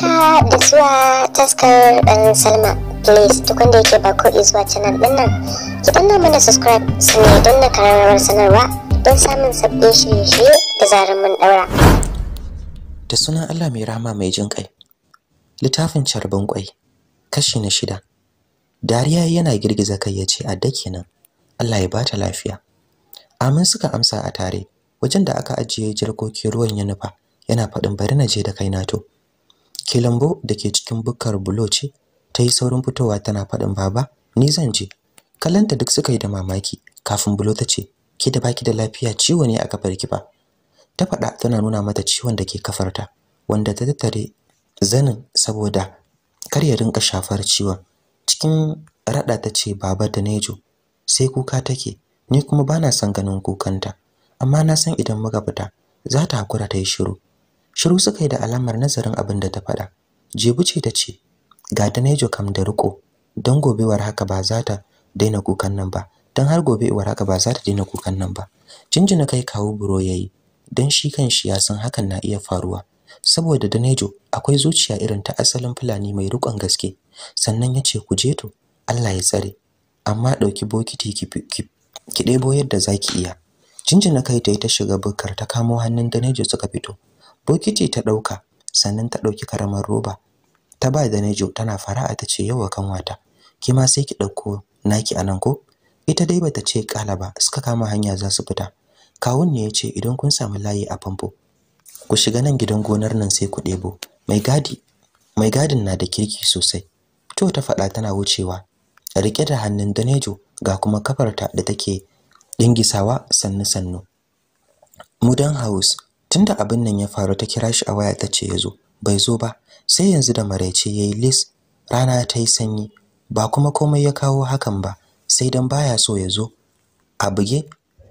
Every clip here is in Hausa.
haka da zuwa taskar dan salma please duk wanda yake ba ko zuwa canal din nan ki danna mana subscribe su ne don na kararrawar sanarwa don samun sabbin shirye-shirye da zarar mun daura da sunan allah mai rama mai jin kai littafin carbin kwai kashi na shida dariya yana girgiza kai ya ce adda kenan allah ya bata lafiya amin suka amsa a tare wajen da aka ajiye jirkokin ruwan ya nufa yana faɗin bari na je da kaina to ke da ke cikin bukkar bulo ce ta yi saurin fitowa tana faɗin baba ni zan je kallanta duk suka yi da mamaki kafin bulo ta ce ki da baki da lafiya ciwo ne a kafar ki ba ta faɗa tana nuna mata ciwon da ke kafarta wanda ta tattare zanin saboda kar ya rinka shafar ciwon cikin raɗa ta ce baba da nejo sai kuka take ni kuma bana son ganin kukanta amma na san idan muka fita za ta hakura ta yi shiru Shiru suka yi da alamar nazarin abin da ta faɗa. Jebu ce ta ce, "Ga Danejo kam da riko, don gobewar haka ba za ta daina kukan nan ba, don har gobe war haka ba za ta daina kukan nan ba." Jinjina kai kawo buro yayi, don shi kan shi ya san hakan na iya faruwa. Saboda Danejo akwai zuciya irin ta asalin Fulani mai rikon gaske. Sannan ya ce, "Ku je to, Allah ya tsare." Amma ɗauki bokiti ki ɗebo yadda za ki iya. Jinjina kai ta yi ta shiga bukar ta kamo hannun Danejo suka fito. bokiti ta ɗauka sannan ta ɗauki karamar roba ta ba da najo tana fara'a ta ce yawa kanwata ki ma sai ki ɗauko naki anan ko ita dai bata ce kala ba suka kama hanya za su fita kawun ne ya ce idan kun samu layi a famfo ku shiga nan gidan gonar nan sai ku ɗebo mai gadi mai gadin na da kirki sosai to ta faɗa tana wucewa rike da hannun danejo ga kuma kafarta da take dingisawa sannu sannu mudan house tunda abin nan ya faru ta kira shi a waya ta ce ya zo bai zo ba sai yanzu da maraice yayi list rana ta yi sanyi ba kuma komai ya kawo hakan ba sai dan baya so ya zo a buge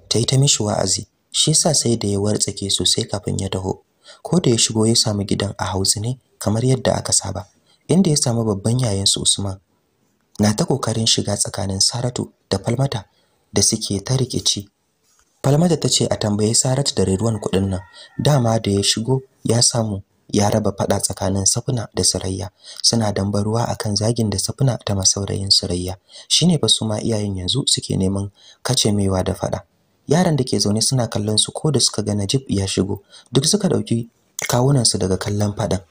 ta yi ta mishi wa'azi shi yasa sai da ya wartsake sosai kafin ya taho ko da ya shigo ya samu gidan a hausa ne kamar yadda aka saba inda ya samu babban yayan su Usman na ta kokarin shiga tsakanin Saratu da Falmata da suke ta rikici Falmata ta ce a tambayi Saratu da Redwan kuɗin nan. Dama da ya shigo ya samu ya raba fada tsakanin Safuna da Surayya. Suna dambaruwa akan zagin da Safuna ta masaurayin Surayya. Shine ba su ma iyayen yanzu suke neman kacemewa da fada. Yaran da ke zaune suna kallon su ko da suka ga Najib ya shigo, duk suka dauki kawunan su daga kallon faɗan.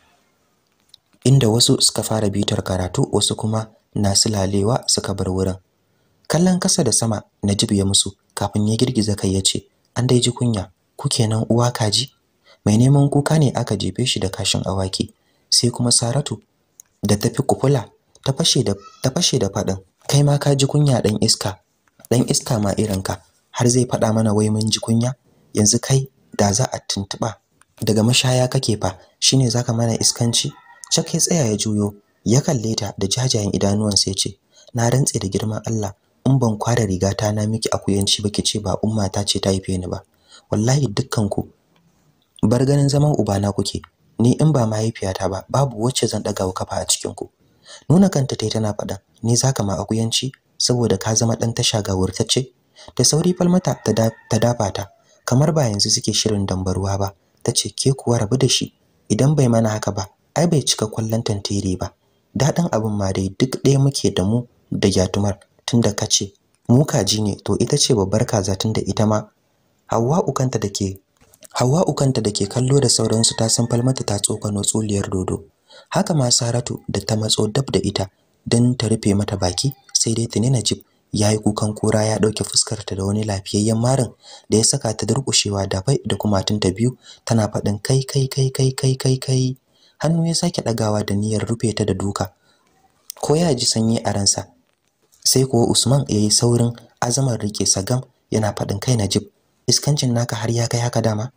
Inda wasu suka fara bitar karatu, wasu kuma na sulalewa suka bar wurin. Kallon kasa da sama Najib ya musu, kafin ya girgiza kai ya ce an dai ji kunya kuke nan uwa kaji mai neman kuka ne aka jefe shi da kashin awaki sai kuma saratu da tafi kufula ta fashe da ta fadin kai ma ka ji kunya dan iska dan iska ma irin ka har zai faɗa mana wai mun ji kunya yanzu kai da za a tuntuba daga mashaya kake fa shine zaka mana iskanci Chuck ya tsaya ya juyo ya kalle ta da jajayen idanuwan sai ce na rantse da girman Allah in ban kware rigata na miki akuyanci ba kice ba umma ta ce ta haife ni ba wallahi dukkan ku bar ganin zaman Uba na kuke ni in ba mahaifiyata ba babu wacce zan daga kafa a cikin ku nuna kanta tai tana faɗa ni zaka ma akuyanci saboda ka zama dan tasha ga wurtacce da sauri falmata ta dafa ta kamar ba yanzu suke shirin dambaruwa ba tace ke kuwa rabu da shi idan bai mana haka ba ai bai cika kwallon tantere ba daɗin abin ma dai duk ɗaya muke da mu da gyatumar tunda ka ce mu kaji ne to ita ce babbar kaza tunda ita ma Hawwa'u kanta dake Hawwa'u kanta dake kallo da sauransu ta san falmata ta tsokano tsuliyar dodo haka ma Saratu da ta matso dab da ita dan ta rufe mata baki sai dai tunina jib ya yi kukan kura ya ɗauke fuskarta da wani lafiyayyen marin da ya saka ta durkushewa da bai da kuma ta biyu tana faɗin kai kai kai kai kai kai kai hannu ya sake ɗagawa da niyyar rufe ta da duka ko ya ji sanyi a ransa sai kuwa Usman ya yi saurin azamar rike sagam yana faɗin kai Najib iskancin naka har ya kai haka dama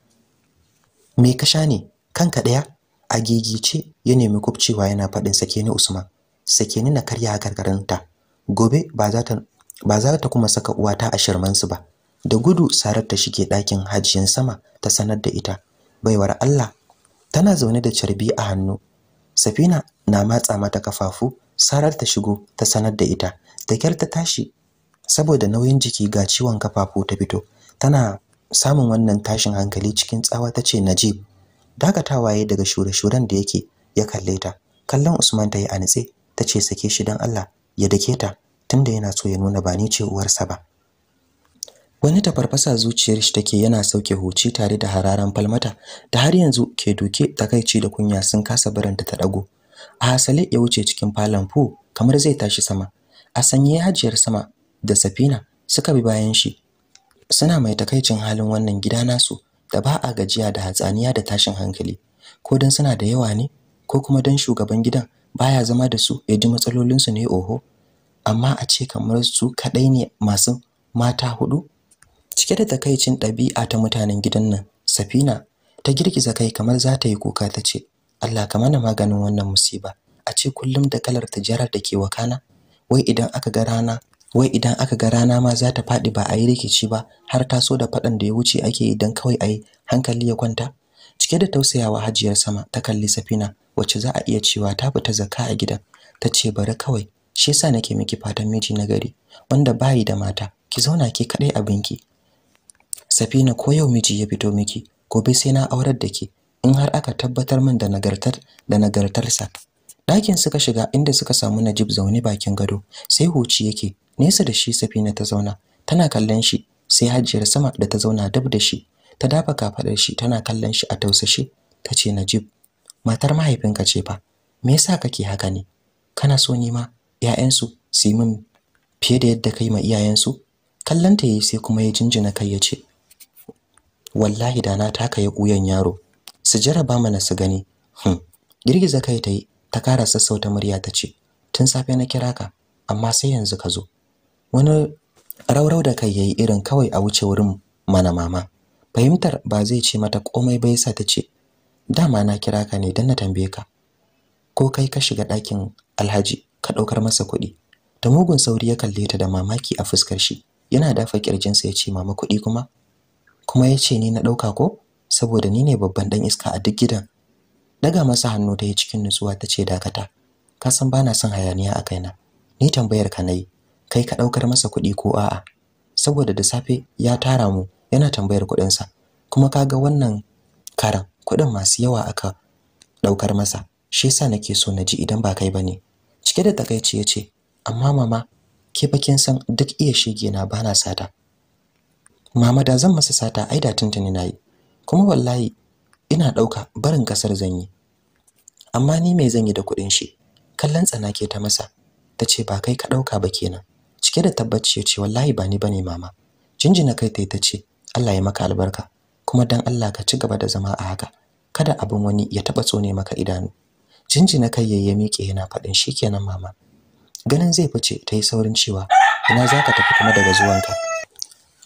me ka sha ne kanka ɗaya a gigice ya nemi kubcewa yana faɗin sake ni Usman sake ni na karya gargarinta gobe ba za ta kuma saka uwata a shirmansu ba da gudu sarar ta shige ɗakin hajjin sama ta sanar da ita baiwar Allah tana zaune da carbi a hannu safina na matsa mata kafafu sarar ta shigo ta sanar da ita da kyar ta tashi saboda nauyin jiki ga ciwon kafafu ta fito tana samun wannan tashin hankali cikin tsawa ta ce najib dakatawa ya daga shure-shuren da yake ya kalle ta kallon usman ta yi a nitse ta ce sake shi don allah ya dake ta tunda yana so ya nuna ba ni ce uwarsa ba wani tafarfasa zuciyar shi take yana sauke huci tare da hararan falmata da har yanzu ke doke, takaici da kunya sun kasa barin ta dago a hasale ya wuce cikin falon fu kamar zai tashi sama a sanye hajiyar sama da safina suka bi bayan shi suna mai takaicin halin wannan gida nasu da ba a gajiya da hatsaniya da tashin hankali ko dan suna da yawa ne ko kuma don shugaban gidan baya zama da su ya ji matsalolinsu ne oho amma a ce kamar su kadai ne masu mata hudu cike da takaicin ɗabi'a ta mutanen gidan nan safina ta girgiza kai kamar za ta yi kuka ta ce allah ka mana maganin wannan musiba a ce kullum da kalar tijarar da ke wakana wai idan aka ga rana wai idan aka ga rana ma za ta faɗi ba a yi rikici ba har ta so da faɗan da ya wuce ake yi don kawai a yi hankali ya kwanta cike da tausayawa hajiyar sama ta kalli safina wacce za a iya cewa ta fita zakka a gidan ta ce bari kawai shi yasa nake miki fatan miji na gari wanda bayi da mata ki zauna ki kaɗai a binki safina ko yau miji ya fito miki gobe sai na aurar da ke in har aka tabbatar min da nagartar da nagartarsa ɗakin suka shiga inda suka samu najib zaune bakin gado sai huci yake nesa da shi safina ta zauna tana kallon shi sai hajiyar sama da ta zauna dab da shi ta dafa kafaɗar shi tana kallon shi a tausashe ta ce najib matar mahaifinka ce fa me yasa kake haka ne kana so ni ma 'ya'yansu su yi min fiye da yadda kai ma iyayensu kallanta yayi sai kuma ya jinjina kai ya ce wallahi da na taka ya kuyan yaro su jaraba mana su gani hmm girgiza kai ta yi ta kara sassauta murya ta ce tun safe na kira ka amma sai yanzu ka zo wani raurau da kai yayi irin kawai a wuce wurin mana mama fahimtar ba zai ce mata komai ba yasa ta ce dama na kira ka ne don na tambaye ka ko kai ka shiga ɗakin alhaji ka ɗaukar masa kuɗi ta mugun sauri ya kalle ta da mamaki a fuskar shi yana dafa kirjinsa ya ce mama kuɗi kuma kuma ya ce ni na ɗauka ko saboda ni ne babban ɗan iska a duk gidan daga masa hannu ta yi cikin nutsuwa ta ce dakata ka san bana son hayaniya a kaina ni tambayar ka nayi kai ka daukar masa kuɗi ko a'a saboda da safe ya tara mu yana tambayar kuɗin sa kuma kaga wannan karan kuɗin masu yawa aka daukar masa shi yasa nake so na ji idan ba kai bane cike da takaici ce, amma mama ke fa kin san duk iya shege na bana sata mama da zan masa sata ai da tuntuni nayi kuma wallahi ina ɗauka barin ƙasar zan yi amma ni mai zan yi da kuɗin shi kallon ke ta masa ta ce ba kai ka ɗauka ba kenan cike da tabbaci ya ce wallahi ba ni bane mama jinjina kai ta ta ce Allah ya maka albarka kuma dan Allah ka ci gaba da zama a haka kada abin wani ya taɓa tsone maka idanu jinjina kai ya miƙe yana faɗin kenan mama ganin zai fice ta yi saurin cewa ina za ka tafi kuma daga zuwanka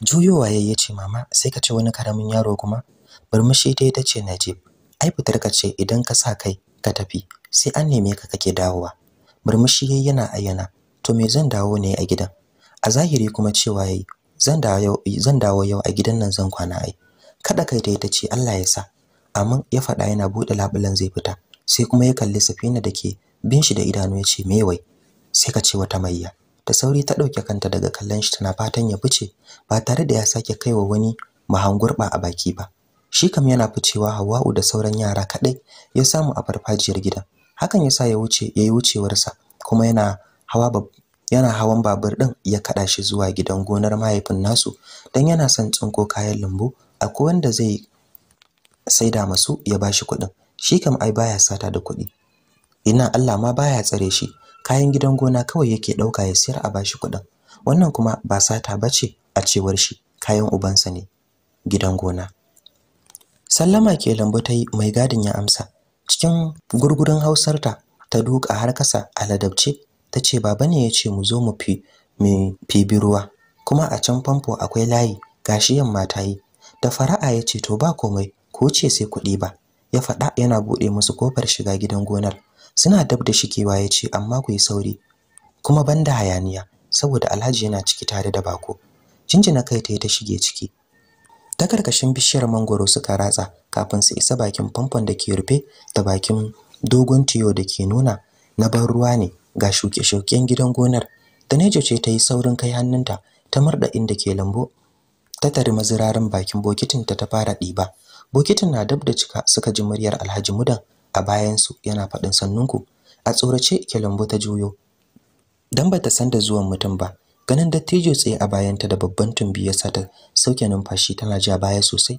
juyowa ya ce mama sai ka ce wani karamin yaro kuma Murmushi dai ta ce Najib, ai fitarka ce idan ka sa kai ka tafi, sai an neme ka kake dawowa. Murmushi yayi yana ayyana, to me zan dawo ne a gidan? A zahiri kuma cewa yayi, zan dawo zan dawo yau a gidan nan zan kwana ai. Kada kai dai ta ce Allah ya sa. amma ya faɗa yana buɗe labulan zai fita, sai kuma ya kalli Safina da ke bin shi da idanu ya ce me wai? Sai ka ce wata mayya. ta sauri ta ɗauke kanta daga kallon shi tana fatan ya fice ba tare da ya sake kaiwa wani mahangurba a baki ba. shi kam yana ficewa Hawwa'u da sauran yara kaɗai ya samu a farfajiyar gidan hakan yasa ya wuce ya yi wucewarsa kuma yana hawa yana hawan babur ɗin ya kaɗa shi zuwa gidan gonar mahaifin nasu dan yana son tsinko kayan lambu akwai wanda zai saida masu ya bashi kuɗin shi kam ai baya sata da kuɗi ina Allah ma baya tsare shi kayan gidan gona kawai yake ɗauka ya siyar a bashi kuɗin wannan kuma ba sata bace a cewar shi kayan ubansa ne gidan gona sallama ke lambu ta yi mai gadin ya amsa cikin gurgurin hausarta ta duka har kasa a ladabce ta ce baba ne ya ce mu zo mu fi mu fibi ruwa kuma a can famfo akwai layi gashi yamma ta yi da fara'a ya ce to ba komai ko ce sai kuɗi ba ya faɗa yana buɗe musu kofar shiga gidan gonar suna dab da shikewa ya ce amma ku yi sauri kuma banda hayaniya saboda alhaji yana ciki tare da bako jinjina kai ta yi ta shige ciki ta karkashin bishiyar mangoro suka ratsa kafin su isa bakin famfon da ke rufe da bakin dogon tiyo da ke nuna na ban ruwa ne ga shuke-shuken gidan gonar Tanejo ce ta yi saurin kai hannunta ta murda inda ke lambu ta tari mazirarin bakin bokitin ta fara ɗiba bokitin na dab da cika suka ji muryar Alhaji Mudan a bayan su yana faɗin sannunku a tsorace ke lambu ta juyo dan bata san da zuwan mutum ba ganin dattijo tsaye a bayan ta da babban tumbi ya ta sauke numfashi tana ja baya sosai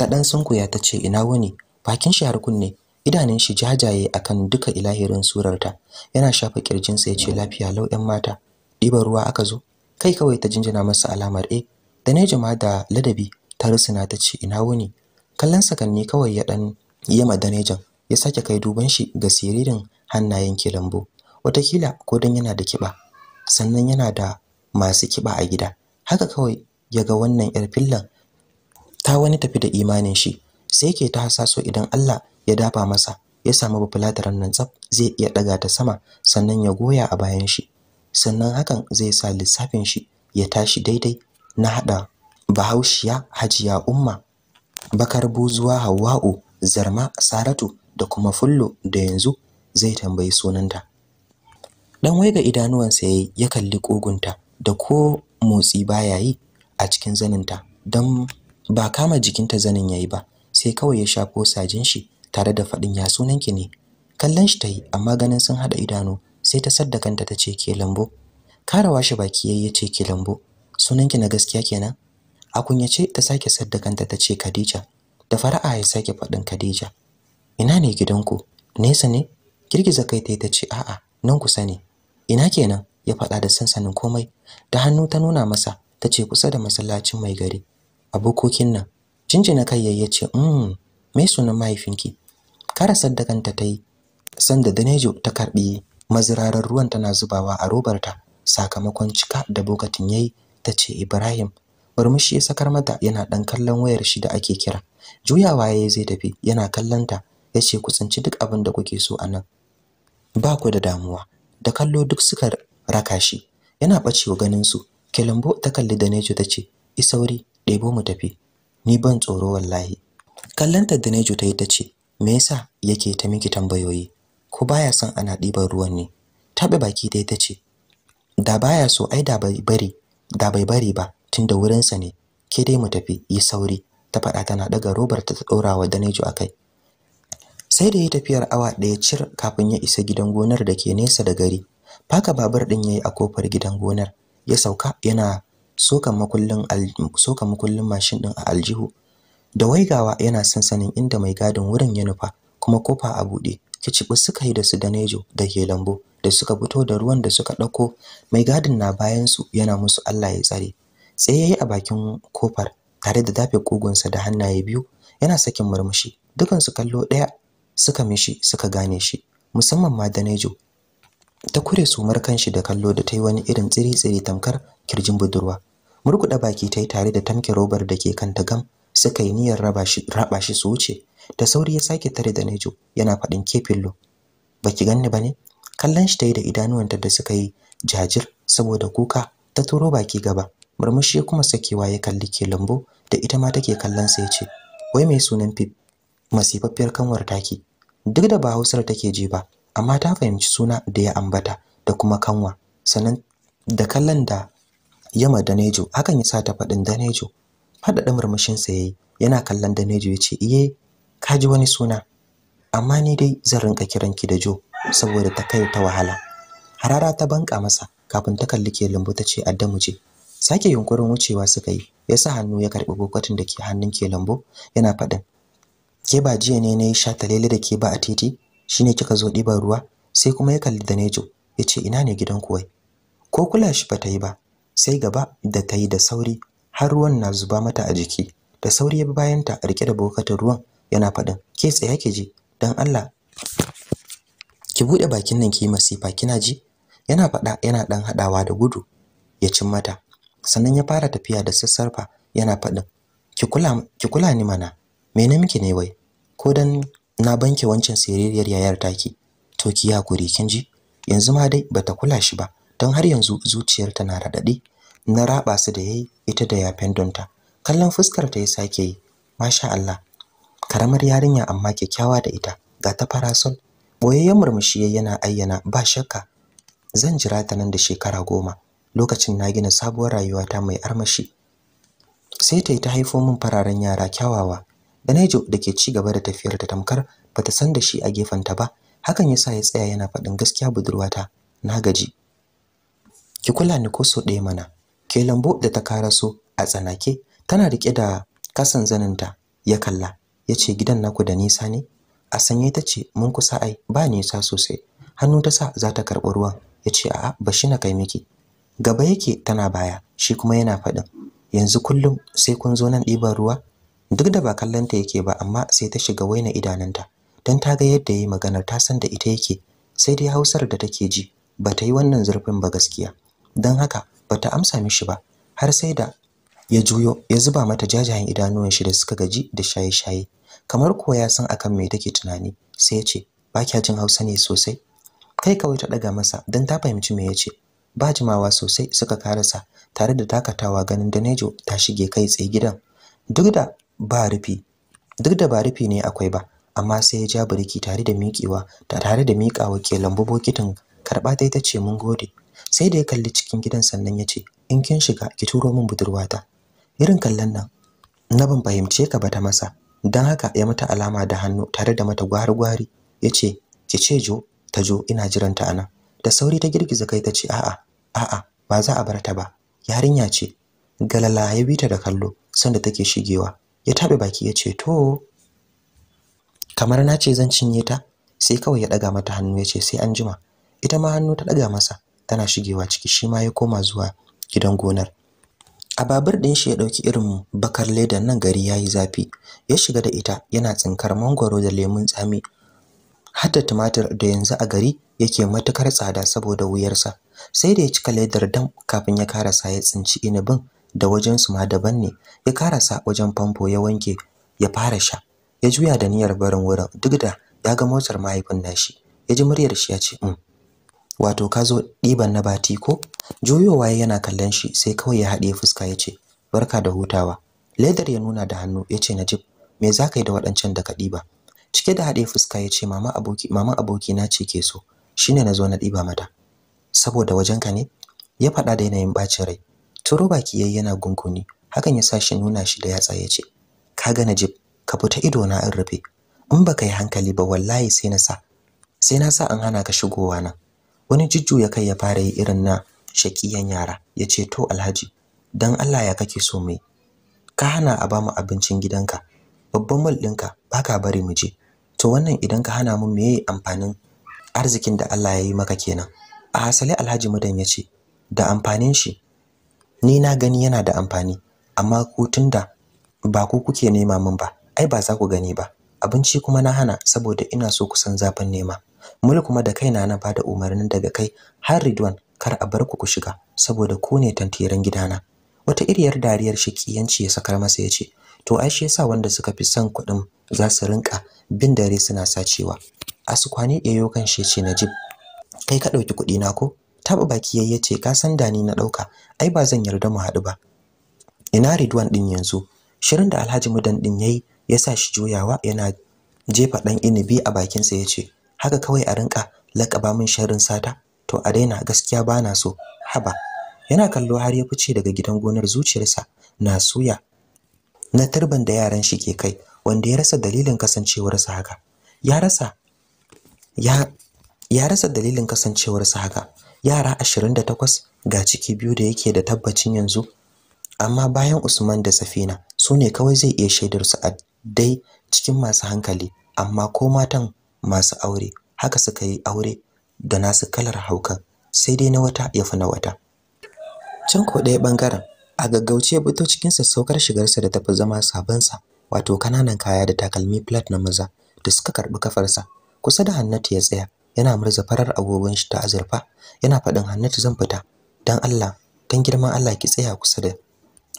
ta dan sunkuya ta ce ina wani bakin shi har kunne idanun shi jajaye akan duka ilahirin surarta yana shafa kirjin ya ce lafiya lau ɗan mata ɗiban ruwa aka zo kai kawai ta jinjina masa alamar e da ne jama'a da ladabi ta rusuna ta ce ina wuni kallon sakanni kawai ya dan yi madanejan ya sake kai duban shi ga siririn hannayen kilambo watakila ko dan yana da kiba sannan yana da masu kiba a gida haka kawai ya ga wannan yar fillan ta wani tafi da imanin shi sai yake ta hasaso idan Allah ya dafa masa ya samu bafulataran nan tsaf zai iya daga ta sama sannan ya goya a bayan shi sannan hakan zai sa lissafin shi ya tashi daidai na hada Bahaushiya Hajiya Umma Bakar Buzuwa hawa'u Zarma Saratu da kuma Fullo da yanzu zai tambayi sunanta dan waiga idanuwansa yayi ya kalli kogunta da ko motsi baya yi a cikin zaninta dan ba kama jikinta zanin yayi ba sai kawai ya shafo sajin shi tare da fadin ya sunanki ne kallon shi tayi amma ganin sun hada idanu sai ta sadda kanta tace ke lambo karawa shi baki yayi yace ke lambo sunanki na gaskiya kenan a kunyace ta sake sadda kanta tace Khadija da fara'a ya sake fadin Khadija ina ne gidanku nesa ne girgiza kai ta tace a'a nan kusa ne ina kenan ya faɗa da sansanin komai da hannu ta nuna masa tace kusa da masallacin mai gari abokokin nan jinjina kai yayye ce mm me sunan mahaifinki kara saddakanta ta yi sanda danejo ta karbi mazirarar ruwan tana zubawa a robarta sakamakon cika da bokatin yayi tace ibrahim murmushi ya sakar mata yana dan kallon wayar shi da ake kira juyawa yayi zai tafi yana kallonta yace ku tsinci duk abin da kuke so anan ba ku da damuwa da kallo duk suka raka shi yana bacewa ganin su Kelambo ta kalli Danejo ta ce isauri ɗebo mu tafi ni ban tsoro wallahi kallanta Danejo ta yi ta ce me yasa yake ta miki tambayoyi ko baya son ana ɗiban ruwan ne taɓe baki dai ta ce da baya so ai da bai bari da bai bari ba tunda wurinsa ne ke dai mu tafi yi sauri ta faɗa tana ɗaga robar ta ɗora wa Danejo kai. sai da ya tafiyar awa ɗaya cir kafin ya isa gidan gonar da ke nesa da gari faka babur ɗin ya yi a kofar gidan gonar ya sauka yana sokan makullin mashin ɗin a aljihu da waigawa yana sansanin inda mai gadin wurin ya nufa kuma kofa a buɗe kicibi suka yi da su da nejo da ke lambu da suka fito da ruwan da suka ɗauko mai gadin na bayansu yana musu allah ya tsare yi a bakin kofar tare da dafe kogonsa da hannaye biyu yana sakin murmushi dukansu kallo ɗaya suka mishi suka gane shi musamman ma Danejo ta kure sumar kanshi da kallo da ta yi wani irin tsiri-tsiri tamkar kirjin budurwa murkuda baki ta tare da tamke robar da ke kanta gam suka yi niyyar raba shi raba shi su wuce da sauri ya sake tare da Danejo yana faɗin kefillo baki ganni bane kallon shi ta yi da idanuwanta da suka yi jajir saboda kuka ta turo baki gaba murmushi kuma sakewa ya kalli ke lambo da ita ma take kallon sa yace wai mai sunan Pip masifaffiyar kanwar taki duk da ba Hausar take ji ba amma ta fahimci suna da ya ambata da kuma kanwa sannan da kallon da yama Danejo hakan ya sa ta faɗin Danejo faɗaɗa murmushin sa yayi yana kallon Danejo ya ce iye ka ji wani suna amma ni dai zan rinka kiran ki da Jo saboda ta kai ta wahala harara ta banka masa kafin ta kalli ke lambu ta ce addamu ce sake yunkurin wucewa suka yi ya sa hannu ya karɓi bokotin da ke hannun ke lambu yana faɗin ke ba jiya ne na yi sha shatalele da ke ba a titi shi ne kika zo ɗiban ruwa sai kuma ya kalli da nejo ya ce ina ne gidan kuwai ko kula shi ba ta yi ba sai gaba da ta yi da sauri har ruwan na zuba mata a jiki da sauri ya bi bayanta a rike da bokatin ruwan yana faɗin ke tsaya ke ji don Allah ki buɗe bakin nan ki yi masifa kina ji yana faɗa yana ɗan haɗawa da gudu ya cin mata sannan ya fara tafiya da sassarfa yana faɗin ki kula ni mana me na miki ne wai ko dan na banke wancan siririyar yayar taki to ki hakuri kin ji yanzu ma dai bata kula shi ba don har yanzu zuciyar ta na radade na raba su da yayi ita da yafen donta kallon fuskar ta ya sake yi masha Allah karamar yarinya amma kyakkyawa da ita ga ta parasol boyayyen murmushi yana ayyana ba shakka zan jira ta nan da shekara goma lokacin na gina sabuwar rayuwata mai armashi sai ta yi ta haifo min fararen yara kyawawa Danejo da ke ci gaba da tafiyar ta tamkar bata san da shi a ta ba. Hakan yasa ya tsaya yana faɗin gaskiya budurwata. Na gaji. Ki kula ni ko so ɗaya mana. Ke lambo da ta karaso a tsanake tana rike da kasan ta? ya kalla ya ce gidan naku da nisa ne a sanye ta ce mun kusa ai ba nisa sosai hannu ta sa za ta karɓi ruwan ya ce a'a shi na kai miki gaba yake tana baya shi kuma yana faɗin yanzu kullum sai kun zo nan ɗiban ruwa duk da ba kallanta yake ba amma sai ta shiga waina idananta dan ta ga yadda yayi maganar ta san da ita yake sai dai Hausar da take ji ba ta yi wannan zurfin ba gaskiya dan haka ba ta amsa mishi ba har sai da ya juyo ya zuba mata jajayen idanuwan shi da suka gaji da shaye-shaye kamar ko ya san akan me take tunani sai ya ce ba kya jin Hausa ne sosai kai kawai ta daga masa dan ta fahimci me yace ba jimawa sosai suka karasa tare da takatawa ganin Danejo ta shige kai tsaye gidan duk da ba rufi duk da ba rufi ne akwai ba amma sai ya ja biriki tare da miƙewa tare da miƙawa ke lambu bokitin karɓa dai ta ce mun gode sai da ya kalli cikin gidan sannan ya ce in kin shiga ki turo min budurwata irin kallon nan na ban fahimce ka ba ta masa don haka ya mata alama da hannu tare da mata gwari-gwari ya ce ki ce jo ta jo ina jiranta anan da sauri ta girgiza kai ta ce a'a a'a ba za a bar ta ba yarinya ce galala ya bi ta da kallo sanda take shigewa ya taɓa baki ya ce to kamar na ce zan cinye ta sai kawai ya ɗaga mata hannu ya ce sai an jima ita ma hannu ta ɗaga masa tana shigewa ciki shi ma ya koma zuwa gidan gonar a babur ɗin shi ya ɗauki irin bakar ledan nan gari ya yi zafi ya shiga da ita yana tsinkar mangoro da lemun tsami hatta tumatir da yanzu a gari yake matukar tsada saboda wuyarsa sai da ya cika ledar dam kafin ya karasa ya tsinci inabin da wajensu ma daban ne ya karasa wajen famfo ya wanke ya fara sha ya juya da niyyar barin wurin duk da ya ga motar mahaifin nashi ya ji muryar shi ya ce um wato ka zo ɗiban na bati ko juyowa yana kallon shi sai kawai ya haɗe fuska ya ce barka da hutawa ledar ya nuna da hannu ya ce najib me za ka yi da waɗancan da ka ɗiba cike da haɗe fuska ya ce mama aboki mama aboki na ce ke so shine na zo na ɗiba mata saboda wajenka ne ya faɗa da yanayin ɓacin rai turo baki yayi yana gunguni, hakan ya sa shi nuna shi da yatsa ya ce ka ga najib ka fita ido na in rufe in baka yi hankali ba wallahi sai na sa sai na sa an hana ka shigowa na wani jujju ya kai ya fara yi irin na shakiyan yara yace to alhaji dan Allah ya kake so mai ka hana a bamu abincin gidanka babban mul ɗinka baka bari mu je to wannan idan ka hana mu meye amfanin arzikin da Allah ya yi maka kenan a hasali alhaji mudan yace da amfanin shi ni na gani yana da amfani amma ku tunda ba ku kuke nema min ba ai ba za ku gani ba abinci kuma na hana saboda ina so ku san zafin nema mul kuma da kaina na bada umarnin daga kai har Ridwan kar a bar ku ku shiga saboda ku ne tantiran gidana wata iriyar dariyar shikiyanci ya sakar masa ya ce, to ai shi yasa wanda suka fi son kuɗin za su rinka bin dare suna sacewa askwani ɗayo kan shi ce Najib kai ka ɗauki kuɗi na ko taɓa baki yayi ce ka san dani na ɗauka ai ba zan yarda mu haɗu ba ina Ridwan din yanzu shirin da Alhaji Mudan din yayi ya sa shi juyawa yana jefa dan inibi a bakin ya yace haka kawai a rinka lakaba min sharrin sata to a daina gaskiya bana so haba yana kallo har ya fice daga gidan gonar zuciyarsa na suya na turban da yaran shi ke kai wanda ya rasa dalilin kasancewarsa haka ya rasa ya ya rasa dalilin kasancewarsa haka yara 28 ga ciki biyu da yake da tabbacin yanzu amma bayan Usman da Safina su ne kawai zai iya shaidar su a dai cikin masu hankali amma ko matan masu aure haka suka yi aure da nasu kalar hauka sai dai na wata ya fi na wata can ko ɗaya bangaren a gaggauce fito cikin sassaukar shigarsa da tafi zama sabansa wato kananan kaya da takalmi plat na maza da suka karɓi kafarsa kusa da Hannatu ya tsaya yana murza farar agogon shi ta azurfa yana faɗin Hannatu zan fita dan Allah dan girman Allah ki tsaya kusa da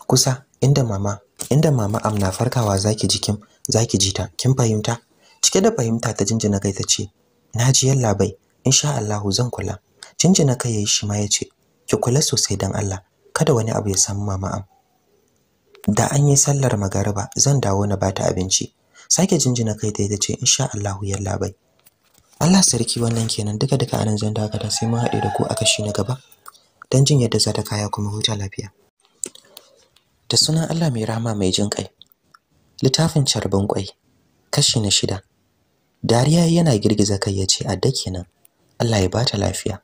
kusa inda mama inda mama amna farkawa zaki jikin zaki jita kin fahimta cike da fahimta ta jinjina kai tace naji yalla bai insha Allah zan kula jinjina kai yayi shi ma yace ki kula sosai dan Allah kada wani abu ya samu mama am da an yi sallar magariba zan dawo na bata abinci sake jinjina kai ta tace insha Allah yalla bai Allah sarki wannan kenan duka duka anan zan dakata sai mun haɗe da ku a kashi na gaba dan jin yadda za ta kaya kuma huta lafiya da sunan Allah mai rahama mai jin kai littafin carban kwai kashi na shida dariya yana girgiza kai yace adda kenan Allah ya bata lafiya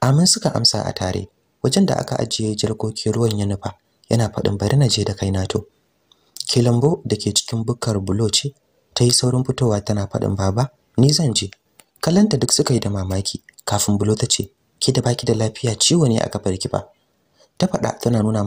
amin suka amsa a tare wajen da aka ajiye jarkokin ruwan ya nufa yana faɗin bari na je da kaina to kilambo da ke cikin bukkar bulo ce ta yi saurin fitowa tana faɗin baba ni zan je Kalanta duk suka yi da mamaki kafin bulo ta ce ki da baki da lafiya ciwo ne a gabar ki ba ta faɗa tana nuna